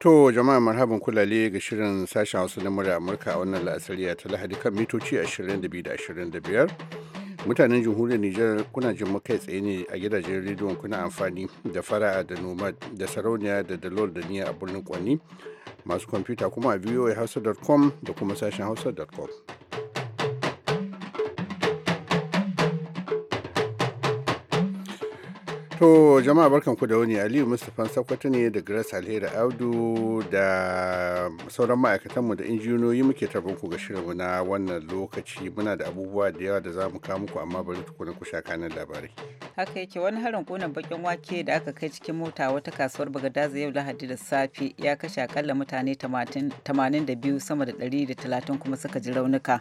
To jama'a marhaban kulale ga shirin sashen Hausa na murya Amurka a wannan la'asariya ta Lahadi kan mitoci 22 da 25. Mutanen jamhuriyar Nijar kuna jin makai tsaye ne a gidajen rediyon kuna amfani da fara'a da nomad da sarauniya da dalol da niya a birnin kwanni masu kwamfuta kuma a voahausa.com da kuma sashen hausa.com. To jama'a barkanku da wani Aliyu Mustapha Sakwato ne da Grace Alheri Audu da sauran ma'aikatanmu da injiniyoyi muke ku ga shirinmu na wannan lokaci muna da abubuwa da yawa da za mu kawo muku amma bari tukuna ku sha kanan labarai. Haka yake wani harin kunan bakin wake da aka kai cikin mota wata kasuwar Bagadaza yau Lahadi da safe ya kashe akalla mutane 82 sama da 130 kuma suka ji raunuka.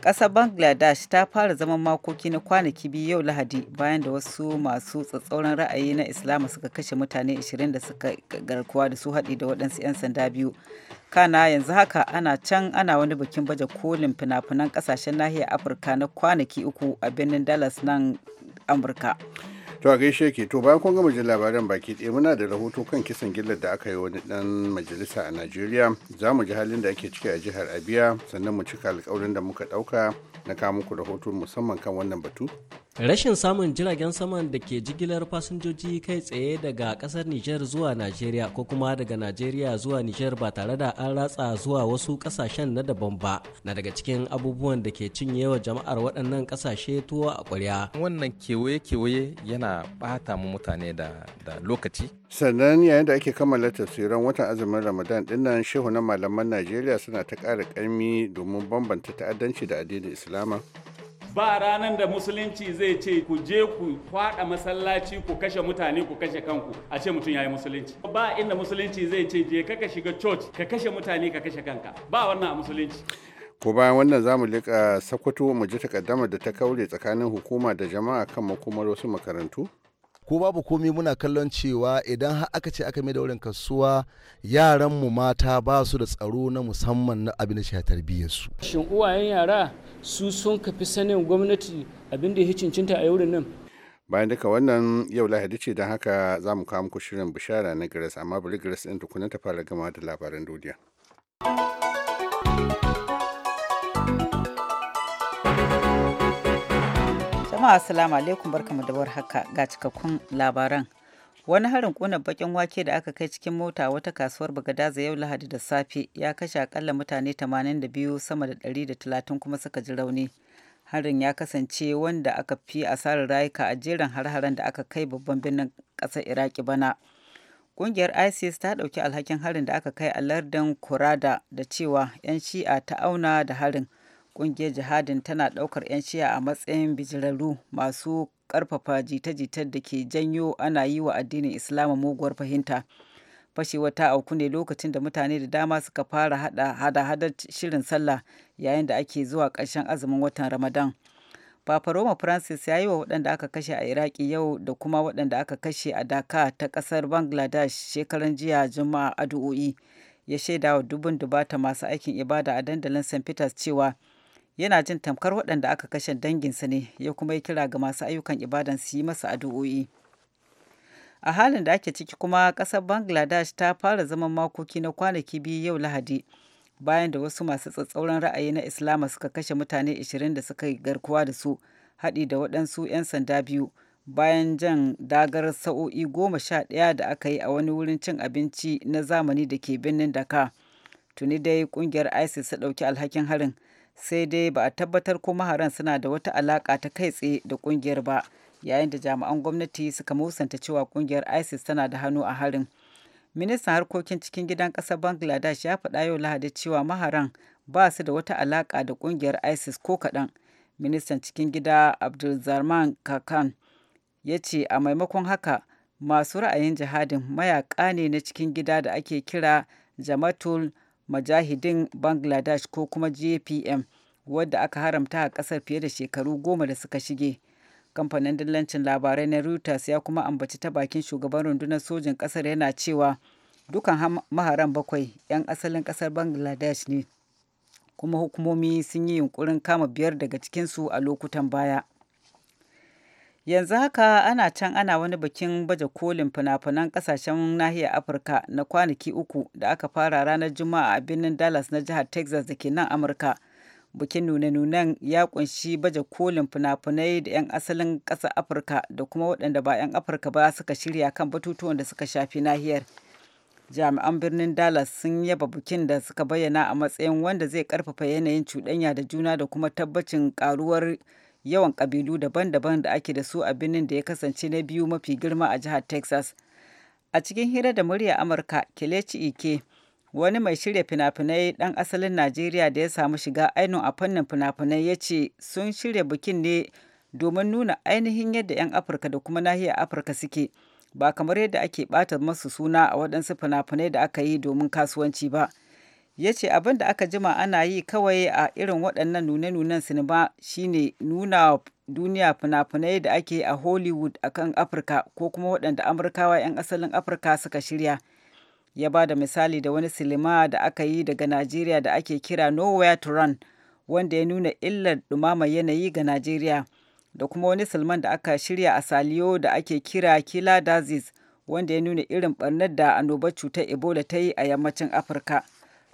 ƙasar bangladesh ta fara zaman makoki na kwanaki biyu yau lahadi bayan da wasu masu tsatsauran ra'ayi na islam suka kashe mutane 20 da suka garkuwa da su haɗi da waɗansu 'yan sanda biyu kana yanzu haka ana can ana wani bikin baje kolin fina-finan ƙasashen nahiyar afirka na kwanaki uku a birnin dallas nan amurka to a gaishe ke to bayan kun gama jin labaran baki ɗaya muna da rahoto kan kisan gillar da aka yi wani ɗan majalisa a najeriya za mu ji halin da ake ciki a jihar abiya sannan mu cika alkawarin da muka ɗauka na kawo muku rahoto musamman kan wannan batu Rashin samun jiragen saman da ke jigilar fasinjoji kai tsaye daga kasar niger zuwa nigeria ko kuma daga nigeria zuwa niger ba tare da an ratsa zuwa wasu kasashen na daban ba na daga cikin abubuwan da ke cinye wa jama'ar waɗannan kasashe tuwo a ƙwarya. Wannan kewaye-kewaye yana bata mu mutane da, lokaci. Sannan yayin da ake kammala tafsiran watan azumin Ramadan dinnan shehu na malaman Najeriya suna ta kara ƙarmi domin bambanta ta'addanci da addinin Islama. ba ranar da musulunci zai ce ku je ku fada masallaci ku kashe mutane ku kashe kanku a ce mutum ya musulunci ba inda musulunci zai ce je ka shiga church ka kashe mutane ka kashe kanka ba wannan a musulunci ko bayan wannan zamu lika sakwato mu ji takaddamar da ta kaure tsakanin hukuma da jama'a kan makomar wasu makarantu ko babu komi muna kallon cewa idan har aka ce aka mai da wurin kasuwa yaran mu mata ba su da tsaro na musamman na abin da shi tarbiyyar su shin uwayen yara su sun kafi sanin gwamnati abin da ya cincinta a wurin nan bayan duka wannan yau lahadi ce don haka za mu kawo muku shirin bishara na garis amma bari garis din tukuna ta fara gama da labaran duniya. Jama'a assalamu alaikum barkamu da haka ga cikakkun labaran. Wani harin kuna bakin wake da aka kai cikin mota wata kasuwar Bagadaza yau Lahadi da safe ya kashe akalla mutane 82 sama da 130 kuma suka ji rauni. Harin ya kasance wanda aka fi asarar rayuka a jerin har-haren da aka kai babban birnin ƙasar Iraki bana. Ƙungiyar ISIS ta ɗauki alhakin harin da aka kai a lardin Kurada da cewa 'yan shi'a ta auna da harin. Ƙungiyar jihadin tana ɗaukar 'yan shi'a a matsayin bijirarru masu karfafa jita jita da ke janyo ana yi wa addinin islam muguwar fahimta. Fashewar ta auku ne lokacin da mutane da dama suka fara hada-hadar shirin sallah yayin da ake zuwa ƙarshen azumin watan Ramadan. Papa Roma Francis ya yi wa waɗanda aka kashe a Iraki yau da kuma waɗanda aka kashe a daka ta ƙasar Bangladesh shekaran jiya Juma'a addu'o'i. Ya shaida wa dubun dubata masu aikin ibada a dandalin St. Peters cewa yana jin tamkar waɗanda aka kashe danginsa ne ya kuma yi kira ga masu ayyukan ibadan su yi masa addu'o'i a halin da ake ciki kuma ƙasar bangladesh ta fara zaman makoki na kwanaki biyu yau lahadi bayan da wasu masu tsatsauran ra'ayi na islama suka kashe mutane 20 da suka garkuwa da su haɗi da waɗansu 'yan sanda biyu bayan jan dagar sa'o'i goma sha ɗaya da aka yi a wani wurin cin abinci na zamani da ke birnin daka tuni dai ƙungiyar isis ta ɗauki alhakin harin sai dai ba a tabbatar ko maharan suna da wata alaƙa ta kai tsaye da ƙungiyar ba yayin da jami'an gwamnati suka musanta cewa ƙungiyar isis tana da hannu a harin ministan harkokin cikin gidan ƙasar bangladesh ya faɗa yau lahadi cewa maharan ba su da wata alaƙa da ƙungiyar isis ko kaɗan ministan cikin gida abdulzarman kakan ya ce a maimakon haka masu ra'ayin jihadin mayaƙa ne na cikin gida da ake kira jamatul Majahidin bangladesh ko kuma jpm wadda aka haramta a kasar fiye da shekaru goma da suka shige kamfanin dillancin labarai na reuters ya kuma ambaci ta bakin shugaban rundunar sojin kasar yana cewa dukan maharan bakwai 'yan asalin kasar bangladesh ne kuma hukumomi sun yi yunkurin kama biyar daga cikinsu a lokutan baya yanzu haka ana can ana wani bikin baje kolin fina-finan kasashen nahiyar afirka na kwanaki uku da aka fara ranar juma'a a birnin dallas na jihar texas da ke nan amurka bikin nune-nunen ya kunshi baje kolin fina-finai da 'yan asalin ƙasar afirka da kuma waɗanda ba 'yan afirka ba suka shirya kan batutuwan da suka shafi nahiyar jami'an birnin dallas sun yaba bikin da suka bayyana a matsayin wanda zai karfafa yanayin cuɗanya da juna da kuma tabbacin karuwar yawan kabilu daban-daban da ake da su a birnin da ya kasance na biyu mafi girma a jihar Texas. A cikin hira da murya Amurka, Kelechi Ike, wani mai shirya fina-finai ɗan asalin Najeriya da ya samu shiga ainihin a fannin fina-finai ya ce sun shirya bikin ne domin nuna ainihin yadda 'yan Afirka da kuma nahiyar Afirka suke, ba kamar yadda ake ɓata masu suna a waɗansu fina-finai da aka yi domin kasuwanci ba. ya ce abin da aka jima ana yi kawai a irin waɗannan nune-nunen sinima shine nuna duniya fina-finai da ake a hollywood a kan afirka ko kuma waɗanda amurkawa 'yan asalin afirka suka shirya ya ba da misali da wani silima da aka yi daga najeriya da ake kira nowhere to run wanda ya nuna illar ɗumamar yanayi ga najeriya da kuma wani silman da aka shirya a saliyo da ake kira kila dazis wanda ya nuna irin barnar da annobar cutar ebola ta yi a yammacin afirka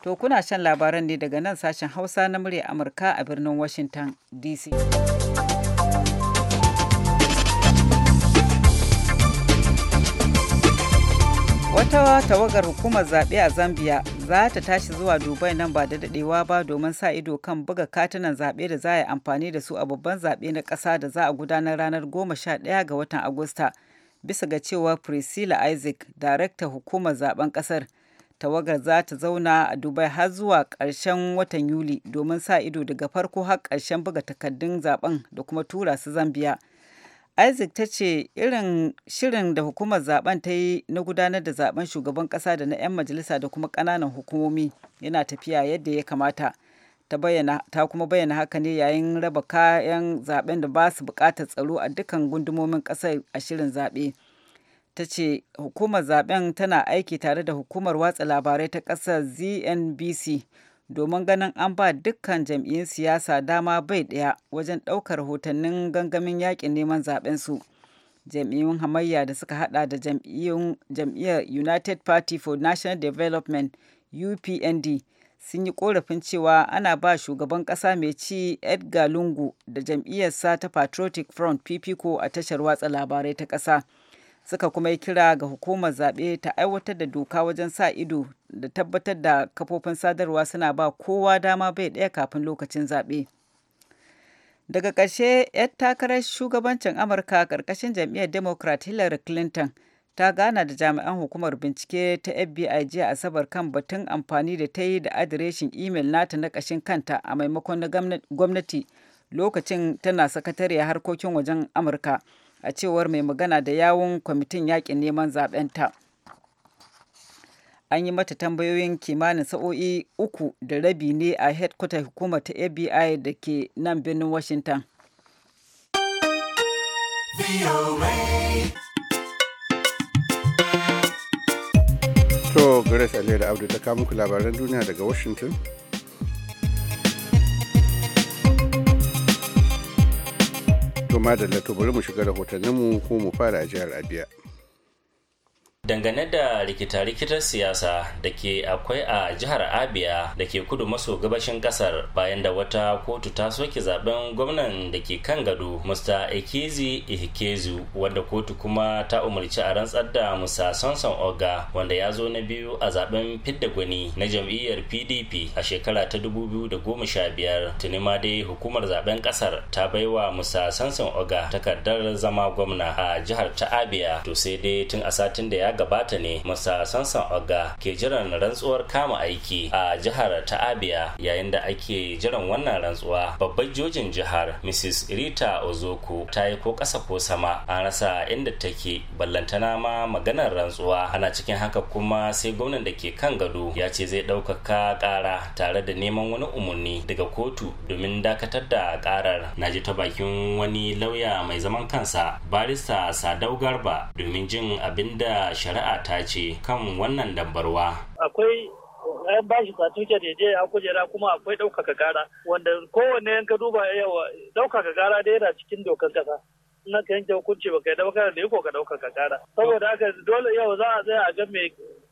To kuna shan labaran ne daga nan sashen Hausa na murya Amurka a birnin Washington DC. Wata tawagar hukumar zaɓe a Zambia za ta tashi zuwa Dubai nan ba da daɗewa ba domin sa ido kan buga katunan zaɓe da za a yi amfani da su a babban zaɓe na ƙasa da za a gudanar ranar 11 ga watan Agusta. Bisa ga cewa Priscilla Isaac, darakta hukumar zaben ƙasar, tawagar za ta zauna a dubai har zuwa ƙarshen watan yuli domin sa ido daga farko har ƙarshen buga takardun zaben da kuma tura su zambiya isaac ta ce irin shirin da hukumar zaben ta yi na gudanar da zaben shugaban ƙasa da na 'yan majalisa da kuma ƙananan hukumomi yana tafiya yadda ya kamata ta ta kuma bayyana haka ne yayin raba kayan zaben da ba su bukatar tsaro a dukkan gundumomin ƙasar a shirin zaɓe. ta ce hukumar zaben tana aiki tare da hukumar watsa labarai ta ƙasar ZNBC domin ganin an ba dukkan jam'iyyun siyasa dama bai ɗaya wajen ɗaukar hotannin gangamin yakin neman zaben su. Jam'iyyun hamayya da suka hada da jam'iyyar United Party for National Development UPND sun yi korafin cewa ana ba shugaban ƙasa mai ci Edgar Lungu da jam'iyyarsa ta Patriotic Front pipico a tashar watsa labarai ta ƙasa. suka kuma yi kira ga hukumar zaɓe ta aiwatar da doka wajen sa ido da tabbatar da kafofin sadarwa suna ba kowa dama bai ɗaya kafin lokacin zaɓe. Daga ƙarshe, 'yar takarar shugabancin Amurka ƙarƙashin jam'iyyar Democrat Hillary Clinton ta gana da jami'an hukumar bincike ta FBI jiya Asabar kan batun amfani da ta yi da adireshin imel nata na ƙashin kanta a maimakon na gwamnati lokacin tana sakatare harkokin wajen Amurka. a cewar mai magana da yawun kwamitin yakin neman zaben ta an yi mata tambayoyin kimanin sa'o'i uku da rabi ne a headquarter hukumar ta fbi da ke nan birnin washington to da da abdu ta kama labaran duniya daga washington madalla to bari mu shiga rahotanninmu ko mu fara a jihar abia dangane da rikita-rikitar siyasa da ke akwai a jihar abia da ke kudu maso gabashin kasar bayan da wata kotu ta soke zaben gwamnan da ke kan gado musta ekezi Ihekezu, wanda kotu kuma ta umarci a rantsar da musa sonson oga wanda ya zo na biyu a zaben fidda gwani na jam'iyyar pdp a shekara ta da goma 2015 tuni ma dai hukumar zaben kasar ta baiwa musa sonson oga takardar zama gwamna a jihar ta abia to sai dai tun a satin da ya gabata ne musa sansan oga ke jiran rantsuwar kama aiki a jihar ta abia yayin da ake jiran wannan rantsuwa babbar jojin jihar mrs rita ozoku ta yi ko ƙasa ko sama an rasa inda take ballantana ma maganar rantsuwa ana cikin haka kuma sai gwamnan da ke kan gado ya ce zai ɗaukaka ƙara tare da neman wani umarni daga kotu domin dakatar da ƙarar na ji ta bakin wani lauya mai zaman kansa barista sadau garba domin jin abin da shari'a ta ce kan wannan dambarwa. Akwai bayan bashi satuke da je a kujera kuma akwai ɗaukaka gara wanda kowanne yan ka duba yawa ɗaukaka gara da yana cikin dokar kasa. Na ka yanke hukunci ba ka yi ɗaukaka da ko ka ɗaukaka gara. Saboda haka dole yau za a tsaya a ga me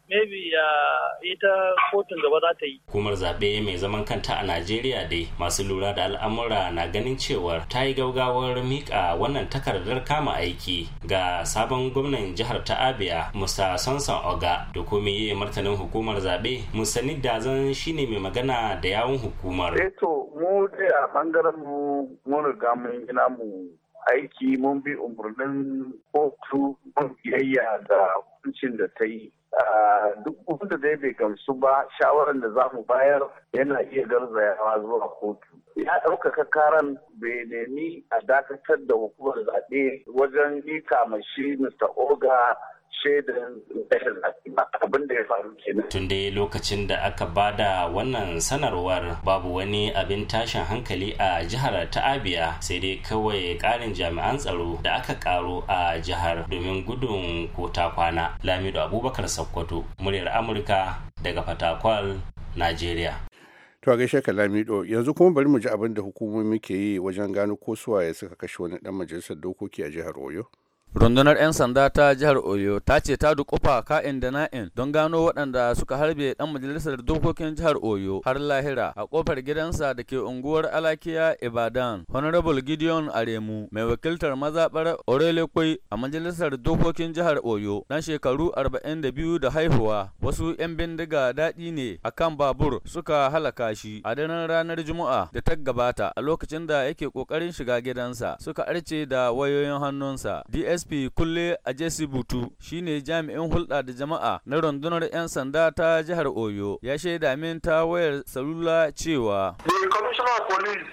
maybe uh, ita kotun gaba za ta yi. Hukumar zaɓe mai zaman kanta a Najeriya dai masu lura da al'amura na ganin cewar ta yi gaugawar miƙa wannan takardar kama aiki ga sabon gwamnan jihar ta Abia Musa Sansan Oga da kuma yi martanin hukumar zaɓe Musani Dazan shine mai magana da yawun hukumar. Eto eh mu a bangaren mu mun riga gina mu aiki mun bi umarnin kotu mun biyayya da hukuncin da ta yi duk wanda zai bai gamsu ba shawarar da za mu bayar yana iya garzayawa zuwa kotu ya ɗaukaka karan bai nemi a dakatar da hukumar zaɓe wajen yi kamashi mr oga shaidan da Tun dai lokacin da aka bada wannan sanarwar babu wani abin tashin hankali a jihar ta Abia sai dai kawai karin jami'an tsaro da aka karo a jihar domin gudun kota kwana. Lamido Abubakar Sokoto, muryar Amurka daga Fatakwal, Najeriya. To a gaishe ka Lamido yanzu kuma bari mu ji abin da hukumomi ke yi wajen gano ko suwaye suka kashe wani dan majalisar dokoki a jihar Oyo. Rundunar 'yan sanda ta jihar Oyo ta ce ta dukufa ka'in da na'in don gano waɗanda suka harbe ɗan majalisar dokokin jihar Oyo har lahira a ƙofar gidansa da ke unguwar Alakiya Ibadan. Honorable Gideon Aremu mai wakiltar mazaɓar Orelekwai a majalisar dokokin jihar Oyo ɗan shekaru 42 da haihuwa wasu 'yan bindiga daɗi ne a kan babur suka halaka shi a daren ranar Juma'a da ta gabata a lokacin da yake ƙoƙarin shiga gidansa suka arce da wayoyin hannunsa. DS sp kulle a jesse butu shine jami'in hulɗa da jama'a na rundunar 'yan sanda ta jihar oyo ya shaida min ta wayar salula cewa the commissioner of police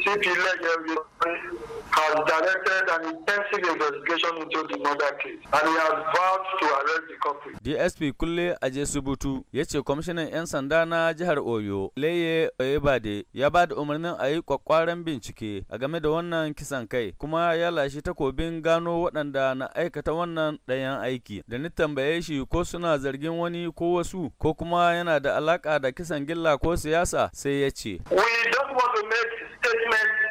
state cp has directed an intensive investigation into the murder case and he has vowed to arrest the culprit. DSP Kulle Ajesubutu Subutu ya ce kwamishinan 'yan sanda na jihar Oyo Leye Oyebade ya ba da umarnin a yi kwakwaran bincike a game da wannan kisan kai kuma ya lashe takobin gano waɗanda na aikata wannan ɗayan aiki da ni tambaye shi ko suna zargin wani ko wasu ko kuma yana da alaka da kisan gilla ko siyasa sai ya ce. We don't want to make statements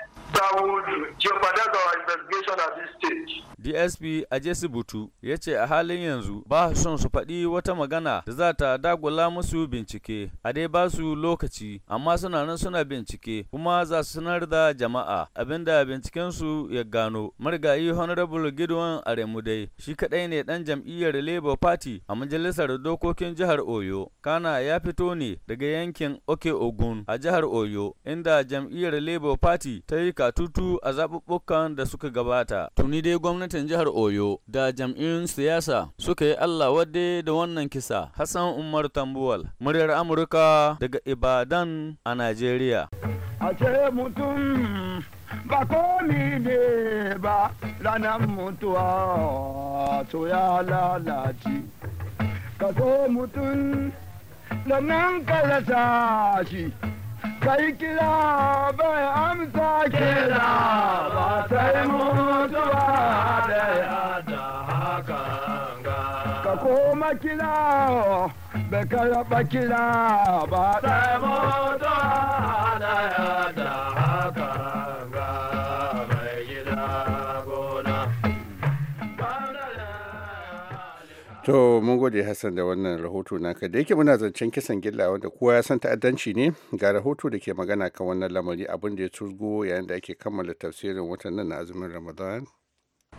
DSP Ajesi Butu ya ce a halin yanzu ba son su faɗi wata magana da za ta dagula musu bincike a dai ba su lokaci amma suna nan suna bincike kuma za su sanar da jama'a abinda bincikensu ya gano marigayi honorable Gidwon Aremudai shi kaɗai ne ɗan jam'iyyar Labour Party a majalisar dokokin jihar Oyo kana ya fito ne daga yankin Oke Ogun a jihar Oyo inda jam'iyyar Labour Party ta yi katutu a zaɓuɓɓukan da suka gabata. Tuni dai gwamnatin jihar Oyo da jam'in siyasa suka yi Allah wadde da wannan kisa. Hassan Umar Tambuwal, muryar Amurka daga Ibadan a Najeriya. Ashe mutum ba komi ne ba ranar mutuwa to ya lalace. Ka so mutum da nan ka shi. kai kira bai amsa kira ba sai mutuwa da yada haka ka koma kira bai karaba kira ba sai mutuwa da yada To mun gode Hassan da wannan rahoto naka da yake muna zancen kisan gilla wanda kowa ya san ta'addanci ne ga rahoto da ke magana kan wannan lamari abin da ya turgo yayin da ake kammala tafsirin watan nan na azumin Ramadan.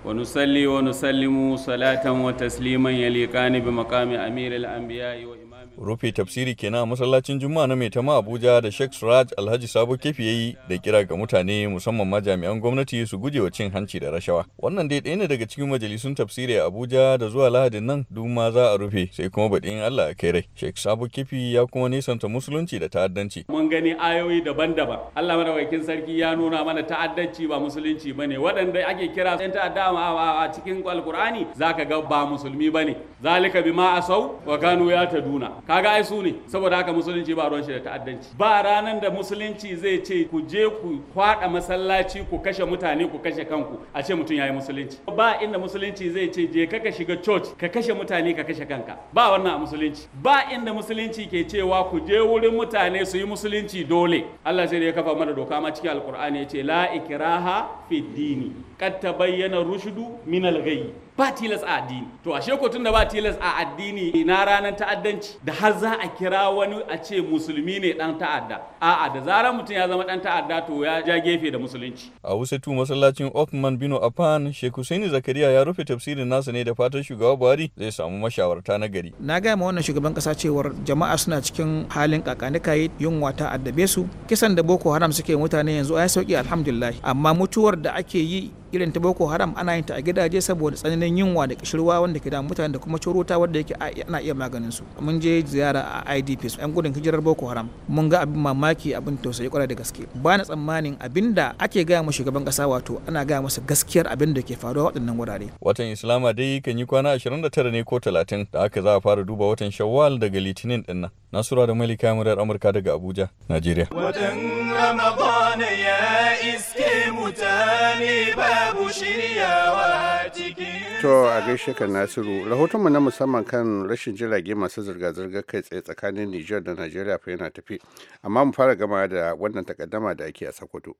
Wa nusalli wa nusallimu salatan wa tasliman yaliqani bi maqami amiril anbiya'i wa rufe tafsiri kenan a masallacin juma'a na maitama abuja da sheikh suraj alhaji sabo kefi yayi da kira ga mutane musamman ma jami'an gwamnati su guje wa cin hanci da rashawa wannan dai ɗaya ne daga cikin majalisun tafsiri a abuja da zuwa lahadin nan duk ma za a rufe sai kuma baɗin allah a kai rai sheikh sabo kefi ya kuma nisanta musulunci da ta'addanci mun gani ayoyi daban-daban allah madawakin sarki ya nuna mana ta'addanci ba musulunci bane waɗanda ake kira yan ta'adda a cikin alkur'ani ka ga ba musulmi bane zalika bima asau wa kanu ya taduna kaga ai su ne saboda haka musulunci ba ruwan shi da ta'addanci ba ranan da musulunci zai ce ku je ku kwada masallaci ku kashe mutane ku kashe kanku a ce mutum yayi musulunci ba inda musulunci zai ce je ka shiga church ka kashe mutane ka kashe kanka ba wannan a musulunci ba inda musulunci ke cewa ku je wurin mutane su yi musulunci dole Allah sai da ya kafa mana doka ma cikin alkur'ani ya ce la ikraha fi dini kad tabayyana rushdu min al ba tilas a addini to ashe ko tunda ba tilas a addini na ranar ta'addanci da har za a kira wani a ce musulmi ne dan ta'adda a'a da zarar mutum ya zama dan ta'adda to ya ja gefe da musulunci a tu masallacin Othman bin Affan Sheikh Husaini Zakariya ya rufe tafsirin nasa ne da fatan shugaba Buhari zai samu mashawarta na gari na ga ma wannan shugaban kasa cewar jama'a suna cikin halin kakanika yunwa ta addabe su kisan da Boko Haram suke mutane yanzu ai sauki alhamdulillah amma mutuwar da ake yi irin ta Boko Haram ana yin ta a gidaje saboda tsananin tsananin yunwa da kishirwa wanda ke da mutane da kuma corota wanda yake ana iya maganin su mun je ziyara a IDP yan gudun hijirar Boko Haram mun ga abin mamaki abin tausayi kwarai da gaske ba na tsammanin abin da ake gaya mu shugaban kasa wato ana gaya masa gaskiyar abin da ke faruwa waɗannan wurare watan Islama dai kan yi kwana 29 ne ko 30 da aka za a fara duba watan Shawwal daga Litinin dinnan Nasura da Malika murar Amurka daga Abuja, Najeriya. Watan ya iske mutane babu shiryawa cikin To a gaishe kan Nasiru, rahotonmu na musamman kan rashin jirage masu zirga-zirga kai tsaye tsakanin Nijar da Najeriya fa yana tafi. Amma mu fara gama da wannan takaddama da ake a Sokoto.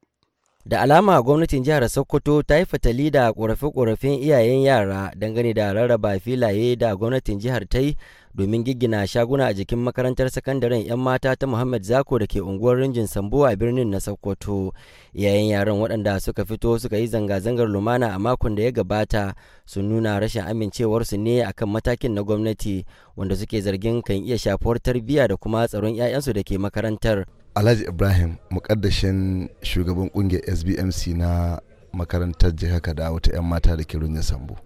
da alama gwamnatin jihar sokoto ta yi fatali da ƙorafe-ƙorafen iyayen yara dangane da rarraba filaye da gwamnatin jihar ta yi domin giggina shaguna a jikin makarantar sakandaren 'yan mata ta muhammad zako da ke unguwar rinjin sambo a birnin na sokoto iyayen yaran waɗanda suka fito suka yi zanga-zangar lumana a makon da ya gabata sun nuna rashin amincewarsu ne akan matakin na gwamnati wanda suke zargin kan iya shafuwar tarbiyya da kuma tsaron 'ya'yansu da ke makarantar alhaji ibrahim mukaddashin shugaban kungiyar sbmc na makarantar jihar kada wata 'yan mata da runye sambo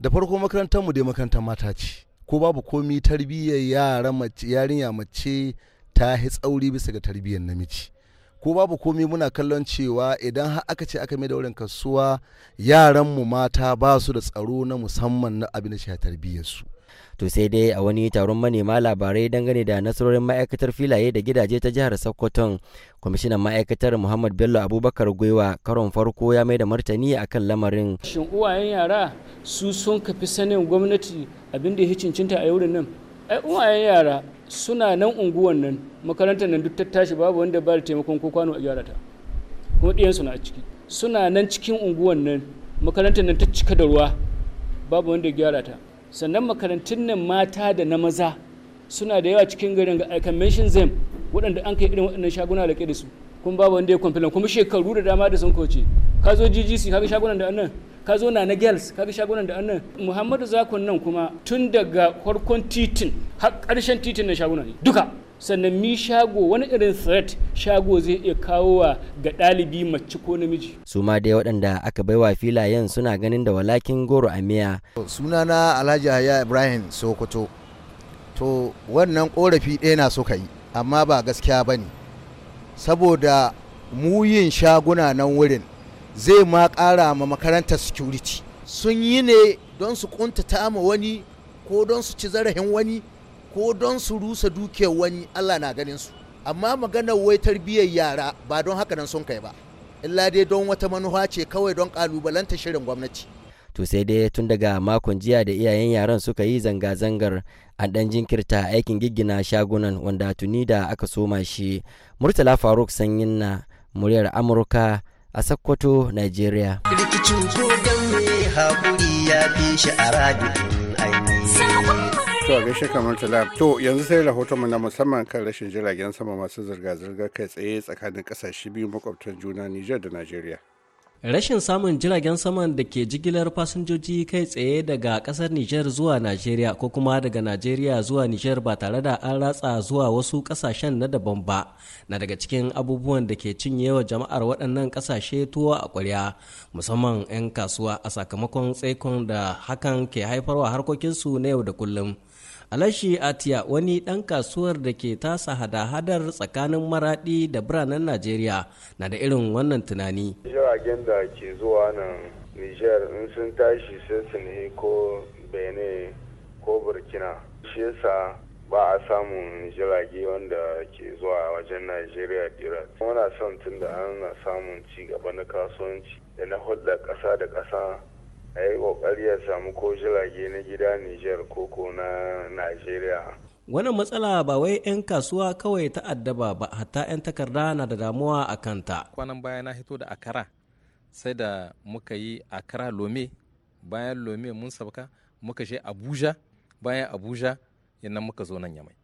da farko makarantar mu dai makarantar mata ce ko babu komi tarbiyyar yara mace yarinya mace ta yi tsauri bisa ga tarbiyyar namiji ko babu komi muna kallon cewa idan har aka ce aka mai da wurin kasuwa yaran mu mata ba su da tsaro na musamman na abin da shi tarbiyyar su to sai dai a wani taron manema labarai dangane da nasarorin ma'aikatar filaye da gidaje ta jihar sokoton kwamishinan ma'aikatar muhammad bello abubakar gwiwa karon farko ya mai da martani akan lamarin shin uwayen yara su sun kafi sanin gwamnati abin da ya cincinta a yau nan ai uwayen yara suna nan unguwan nan makarantar nan duk ta tashi babu wanda ba da taimakon ko kwano a gyara ta kuma ɗiyansu na a ciki suna nan cikin unguwan nan makarantar nan ta cika da ruwa babu wanda gyara ta sannan makarantun nan mata da na maza suna da yawa cikin garin ga convention zem waɗanda an kai irin waɗannan shaguna da da su kun ba wanda ya kwamfilan kuma shekaru da dama da sun kauce ka zo ggc ka ga shagunan da annan ka zo na na girls ga shagunan da annan muhammadu zakon nan kuma tun daga farkon titin har ƙarshen titin na shaguna ne duka sannan mi shago wani irin threat shago zai iya kawowa ga ɗalibi mace ko namiji su ma dai waɗanda aka bai wa filayen suna ganin da walakin goro a miya suna na alhaji haya ibrahim sokoto to wannan korafi ɗaya na suka yi amma ba gaskiya ba ne saboda muyin shaguna nan wurin zai ma ƙara ma makarantar security sun yi ne don su ƙuntata ma wani ko don su ci zarafin wani ko don su rusa dukiyar wani Allah na ganin su amma maganar wai tarbiyyar yara ba don haka nan sun kai ba illa dai don wata manufa ce kawai don kalubalanta shirin gwamnati to sai dai tun daga makon jiya da iyayen yaran suka yi zanga-zangar a dan jinkirta aikin giggina shagunan wanda tuni da aka soma shi murtala faruk sanyin na muryar amurka a sakkwato nigeria rikicin haƙuri ya fi shi a radiyon ainihi To gaishe kamar talab To yanzu sai rahoton mu na musamman kan rashin jiragen sama masu zirga-zirga kai tsaye tsakanin kasashe biyu makwabtan juna Nijar da Najeriya. Rashin samun jiragen saman da ke jigilar fasinjoji kai tsaye daga kasar Nijar zuwa Najeriya ko kuma daga Najeriya zuwa Nijar ba tare da an ratsa zuwa wasu kasashen na daban ba na daga cikin abubuwan da ke cinye wa jama'ar waɗannan kasashe tuwa a ƙwarya musamman 'yan kasuwa a sakamakon tsaikon da hakan ke haifarwa harkokinsu na yau da kullum. Alashi Atiya wani ɗan kasuwar da ke tasa hada-hadar tsakanin maraɗi da biranen Najeriya na da irin wannan tunani. Jiragen da ke zuwa nan Nijar in sun tashi sai su ne ko Benin ko Burkina. Shi yasa ba a samun jirage wanda ke zuwa wajen Najeriya direct. Muna son tun da ana samun ci gaba na kasuwanci da na hulɗa ƙasa da ƙasa A yi kokari ya samu ko jirage na gida Nijar ko na Najeriya. Wannan matsala ba wai 'yan kasuwa kawai ta addaba ba hatta 'yan takarda na da damuwa a kanta. Kwanan baya na hito da akara sai da muka yi akara lome bayan lome mun sabka muka je Abuja bayan Abuja yana muka zo nan yamai.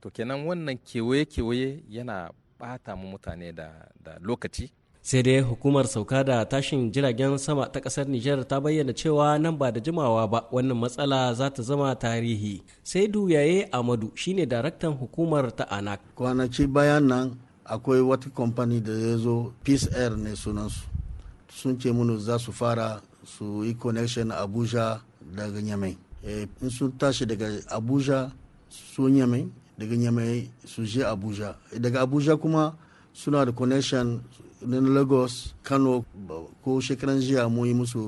To kenan wannan kewaye-kewaye yana bata mu mutane da lokaci sai dai hukumar sauka da tashin jiragen sama ta kasar nijar ta bayyana cewa nan ba da jimawa ba wannan matsala za ta zama tarihi sai duyaye amadu shine daraktan hukumar ta anak kwanaci bayan nan akwai wata kamfani da ya zo peace air ne sunansu sun ce munu za su fara su yi connection abuja daga nyamai eh, in sun tashi daga abuja su nyamai daga nyamai su je abuja daga abuja kuma suna da connection na lagos kano ko shekaran jiya mun yi musu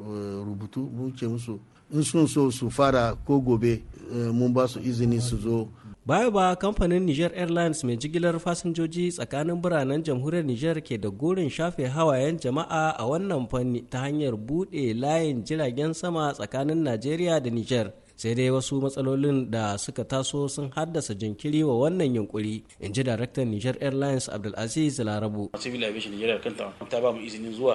eh, rubutu mun ce musu in sun so su fara ko gobe eh, mun ba su izini su zo baya ba kamfanin niger airlines mai jigilar fasinjoji tsakanin biranen jamhuriyar niger ke da gorin shafe hawayen jama'a a wannan fanni ta hanyar buɗe layin jiragen sama tsakanin nigeria da niger sai dai wasu matsalolin da suka taso sun haddasa jinkiri wa wannan yunkuri in ji daraktan niger airlines abdulaziz larabu civil aviation nigeria kanta ta ba mu izinin zuwa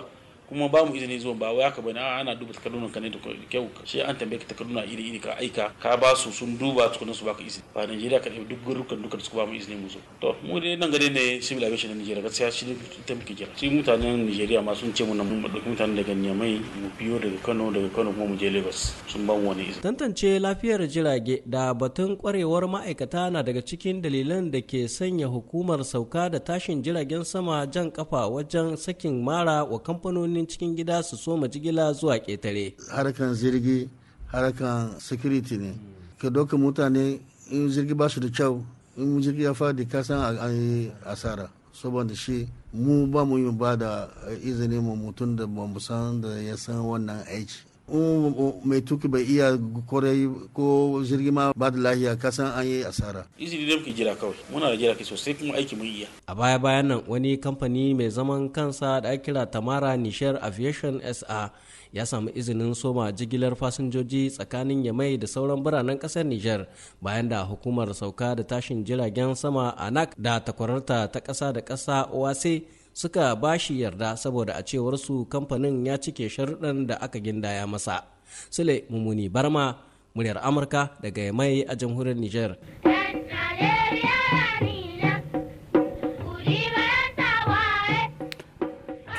kuma ba mu izini zuwa ba wai haka bane ana duba takardun ka ne da kyau shi an tambaye ka takarduna iri iri ka aika ka ba su sun duba tukunan su baka izini ba Najeriya ka duk gurukan duka su ba mu izini mu zo to mu dai nan gare ne civil aviation na Najeriya gaskiya shi ne ta muke kira shi mutanen Najeriya ma sun ce mu nan mu dauki mutanen daga Niamey mu biyo daga Kano daga Kano kuma mu je Lagos sun ba mu wani izini tantance lafiyar jirage da batun kwarewar ma'aikata na daga cikin dalilan da ke sanya hukumar sauka da tashin jiragen sama jan kafa wajen sakin mara wa kamfanoni matsalolin cikin gida su soma jigila zuwa ƙetare. Harkan zirgi, harkan security ne. Ka doka mutane in zirgi ba su da kyau, in jirgi ya fadi kasan a yi asara. Saboda shi mu ba mu yi ba da izini mu mutum da ba san da ya san wannan aiki. Um, um, mai tuki bai iya kwarai ko jirgi ma ba da lahiya kasan an yi asara. izini da muke jira kawai muna da jira kai sosai kuma aiki mun iya. a baya bayan nan wani kamfani mai zaman kansa da kira tamara nishar aviation sa ya samu izinin soma jigilar fasinjoji tsakanin yamai da sauran biranen kasar nijar bayan da hukumar sauka da tashin jiragen sama anak da takwararta ta ƙasa da kasa oac suka ba shi yarda saboda a cewar su kamfanin ya cike sharuɗan da aka gindaya masa sule mumuni barma muryar amurka daga mai a jamhuriyar niger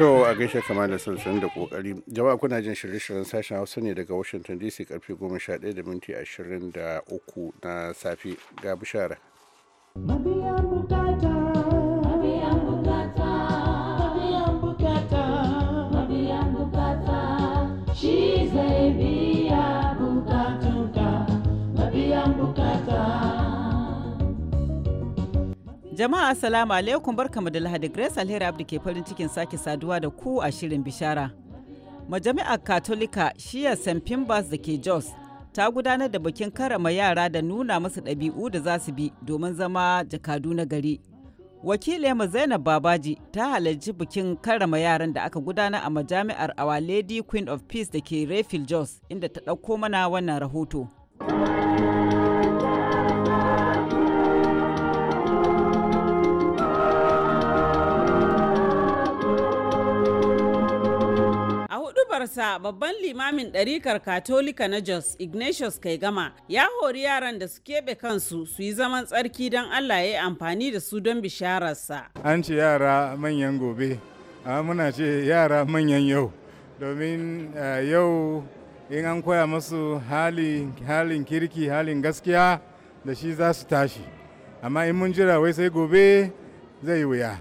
To a gaishe kama da sansan da kokari. Jama'a kuna jin shirye-shiryen sashen Hausa ne daga Washington DC karfe 11 da minti 23 na safe ga bishara. Jama'a assalamu alaikum barkamu da Lahadi Grace Alheri Abdi ke farin cikin sake saduwa da ku a shirin bishara. Majami'ar Katolika shia St. Pimbas da ke Jos ta gudanar da bikin karama yara da nuna masu ɗabi'u da za su bi domin zama jakadu na gari. mu Zainab Babaji ta halarci bikin karrama yaran da aka gudana a majami'ar Our Lady Queen of Peace da ke Rayfield Jos inda ta ɗauko mana wannan rahoto. hudubarsa babban limamin ɗarikar katolika na jos ignatius kai gama ya hori yaran da su keɓe kansu su yi zaman tsarki don allah ya yi amfani da su don bishararsa an ce yara manyan gobe muna ce yara manyan yau domin yau in an koya masu halin kirki halin gaskiya da shi za su tashi amma in mun jira wai sai gobe zai wuya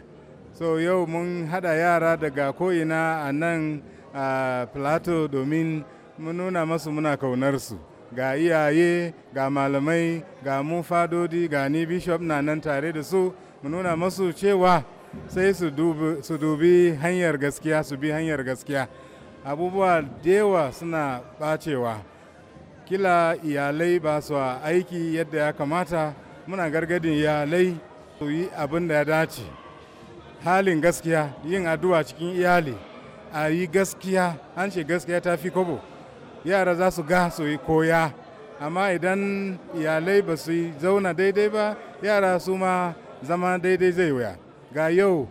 so yau mun hada yara daga ko'ina a nan a plato domin mu nuna masu muna kaunarsu ga iyaye ga malamai ga mu fadodi ga ni bishop na nan tare da su mu nuna masu cewa sai su dubi hanyar gaskiya su bi hanyar gaskiya abubuwa dewa suna bacewa kila iyalai ba su aiki yadda ya kamata muna gargadin iyalai su yi abin da ya dace halin gaskiya yin addu'a cikin iyali a yi gaskiya an ce gaskiya ta fi kobo yara za su ga su yi koya amma idan iyalai ba su zauna daidai ba yara su ma zama daidai zai wuya ga yau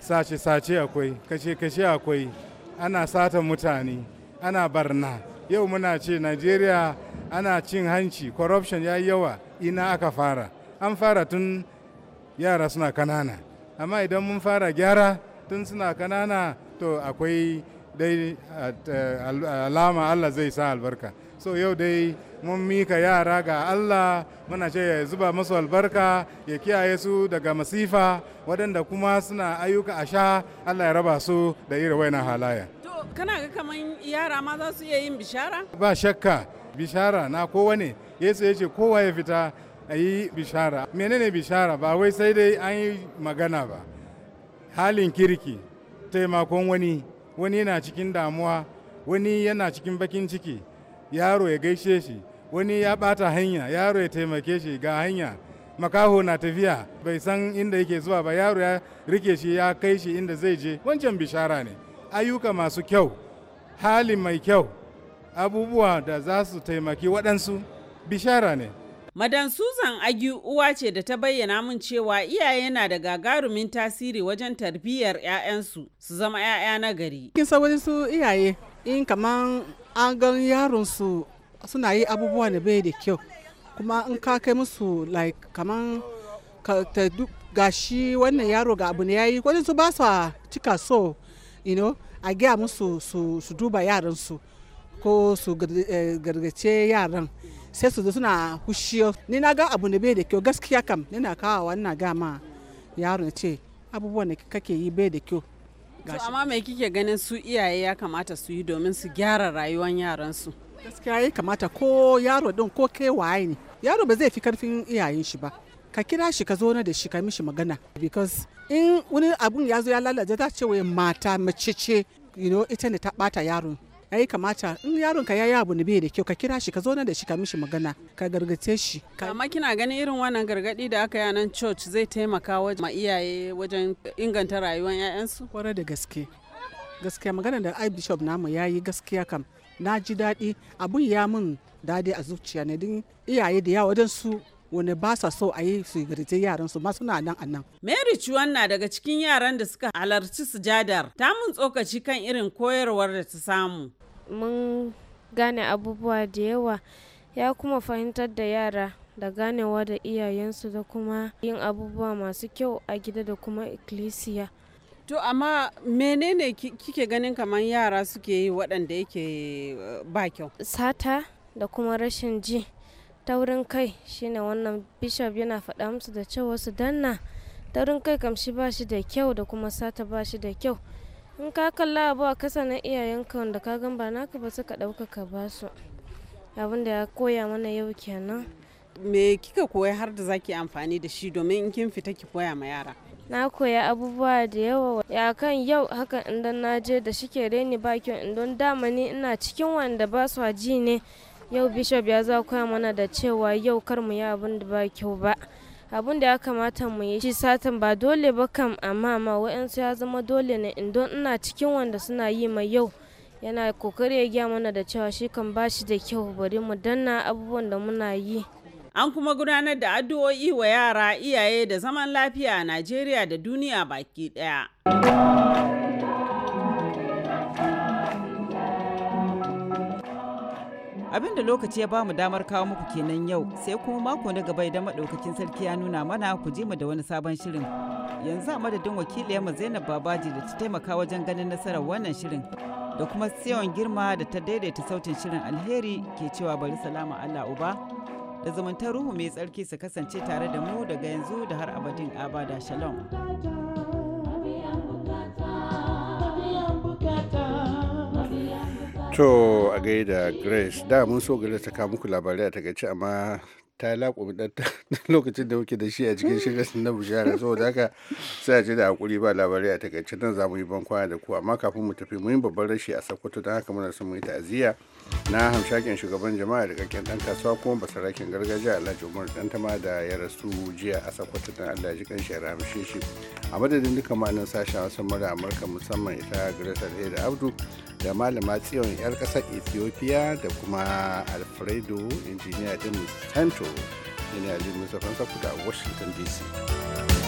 sace-sace akwai kashe-kashe akwai ana sata mutane ana barna yau muna ce nigeria ana cin hanci corruption ya yi yawa ina aka fara an fara tun yara suna kanana amma idan mun fara gyara tun suna kanana to akwai dai alama Allah zai sa albarka so yau dai mun mika yara ga Allah muna ce ya zuba masu albarka ya kiyaye su daga masifa waɗanda kuma suna ayyuka a sha Allah ya raba su da irin wainan halaya to kana ga kaman yara ma za su iya yin bishara ba shakka bishara na kowa ne yesu ya ce kowa ya fita a yi bishara menene bishara ba wai sai dai an yi magana ba halin kirki taimakon wani wani yana cikin damuwa wani yana cikin bakin ciki yaro ya gaishe shi wani ya bata hanya yaro ya taimake shi ga hanya makaho na tafiya bai san inda yake zuwa ba yaro ya rike shi ya kai shi inda zai je wancan bishara ne ayyuka masu kyau hali mai kyau abubuwa da za su taimaki waɗansu bishara ne Madan Susan Agiu uwa ce da ta bayyana min cewa iyaye na da gagarumin tasiri wajen tarbiyyar 'ya'yansu su zama 'ya'ya na gari. Kin san su iyaye in kaman an gan yaron su suna yi abubuwa da bai da kyau kuma in ka kai musu like kaman ka ta gashi wannan yaro ga abu ne yayi wajen su ba su cika so you know a gaya musu su duba yaran su ko su eh, gargace yaran. sai su suna hushiyo ni na ga abu da bai da kyau gaskiya kam na kawo wannan ga ma yaro na ce abubuwan da kake yi bai da kyau to amma mai kike ganin su iyaye ya kamata su yi domin su gyara rayuwar yaran su gaskiya ya kamata ko yaro din ko kai waye ne yaro ba zai fi karfin iyayen shi ba ka kira shi ka zo na da shi ka mishi magana because in wani abun ya zo ya lalace ta ce mata mace ce you know ita ne ta bata yaron yayi kamata in yaron ka ya yi abu ne bai da kyau ka kira shi ka zo nan da shi ka mishi magana ka gargace shi amma kina ganin irin wannan gargadi da aka yi nan church zai taimaka wajen iyaye wajen inganta rayuwar 'ya'yansu kwarai da gaske gaskiya magana da ai bishop namu yi gaskiya kam na ji daɗi abun ya mun daɗi a zuciya ne din iyaye da yawa wajen su Wani ba sa so a yi su garje yaran su ma suna nan a nan. Mary Chuan na daga cikin yaran da suka halarci sujadar ta mun tsokaci kan irin koyarwar da ta samu. Mun gane abubuwa da yawa ya kuma fahimtar da yara da ganewa da iyayensu da kuma yin abubuwa masu kyau a gida da kuma ikkilisiya. To amma menene kike ganin kamar yara suke yi waɗanda yake eh, ba kyau? Sata da kuma rashin ji. taurin kai shine wannan bishop yana faɗa musu da cewa su danna taurin kai kamshi ba shi da kyau da kuma sata ba shi da kyau in ka kalla abu a kasa na iyayenka wanda ka gan ba naka ba suka ɗauka ba su abin da ya koya mana yau kenan me kika koya har da zaki amfani da shi domin in kin fita ki koya ma yara na koya abubuwa da yawa ya kan yau haka idan na je da shike reni ba kyau damani dama ina cikin wanda ba su ji ne yau bishop ya za koya mana da cewa yau kar mu yi abin da ba kyau ba abin da ya kamata mu yi shi satan ba dole ba kam amma ma wa'yansu ya zama dole ne in don ina cikin wanda suna yi mai yau yana kokari ya gya mana da cewa shi kan ba shi da kyau bari mu danna abubuwan da muna yi an kuma gudanar da addu'o'i wa yara iyaye da zaman lafiya a najeriya da duniya baki daya abin da lokaci ya bamu damar kawo muku kenan yau sai kuma mako na gaba idan maɗaukakin sarki ya nuna mana ku ji mu da wani sabon shirin yanzu a madadin mu zainab babaji da ta taimaka wajen ganin nasarar wannan shirin da kuma tsiyon girma da ta daidaita sautin shirin alheri ke cewa bari salama allah uba da zumuntar ruhu mai tsarki su kasance tare da mu daga yanzu da har abadin abada shalom To a gaida Grace, da mun so Grace ta kawo muku labarai a takaice amma ta laƙumi ɗanta lokacin da muke da shi a cikin shirin na bushara saboda haka sai a ce da hakuri ba labarai a takaice nan za mu yi ban kwana da ku amma kafin mu tafi mun babban rashi a sakkwato don haka muna son mu yi ta'aziyya na hamshakin shugaban jama'a da kakken ɗan kasuwa kuma basarakin gargajiya alhaji umar tama da ya rasu jiya a sakkwato don allah ji kan a hamshe shi a madadin duka ma'anin sashen wasan mara amurka musamman ita greta da abdu da malama tsiyon yar ƙasar ethiopia da kuma alfredo injiniya din santo Ina Aliyu Mustapha Sakuta a Washington DC.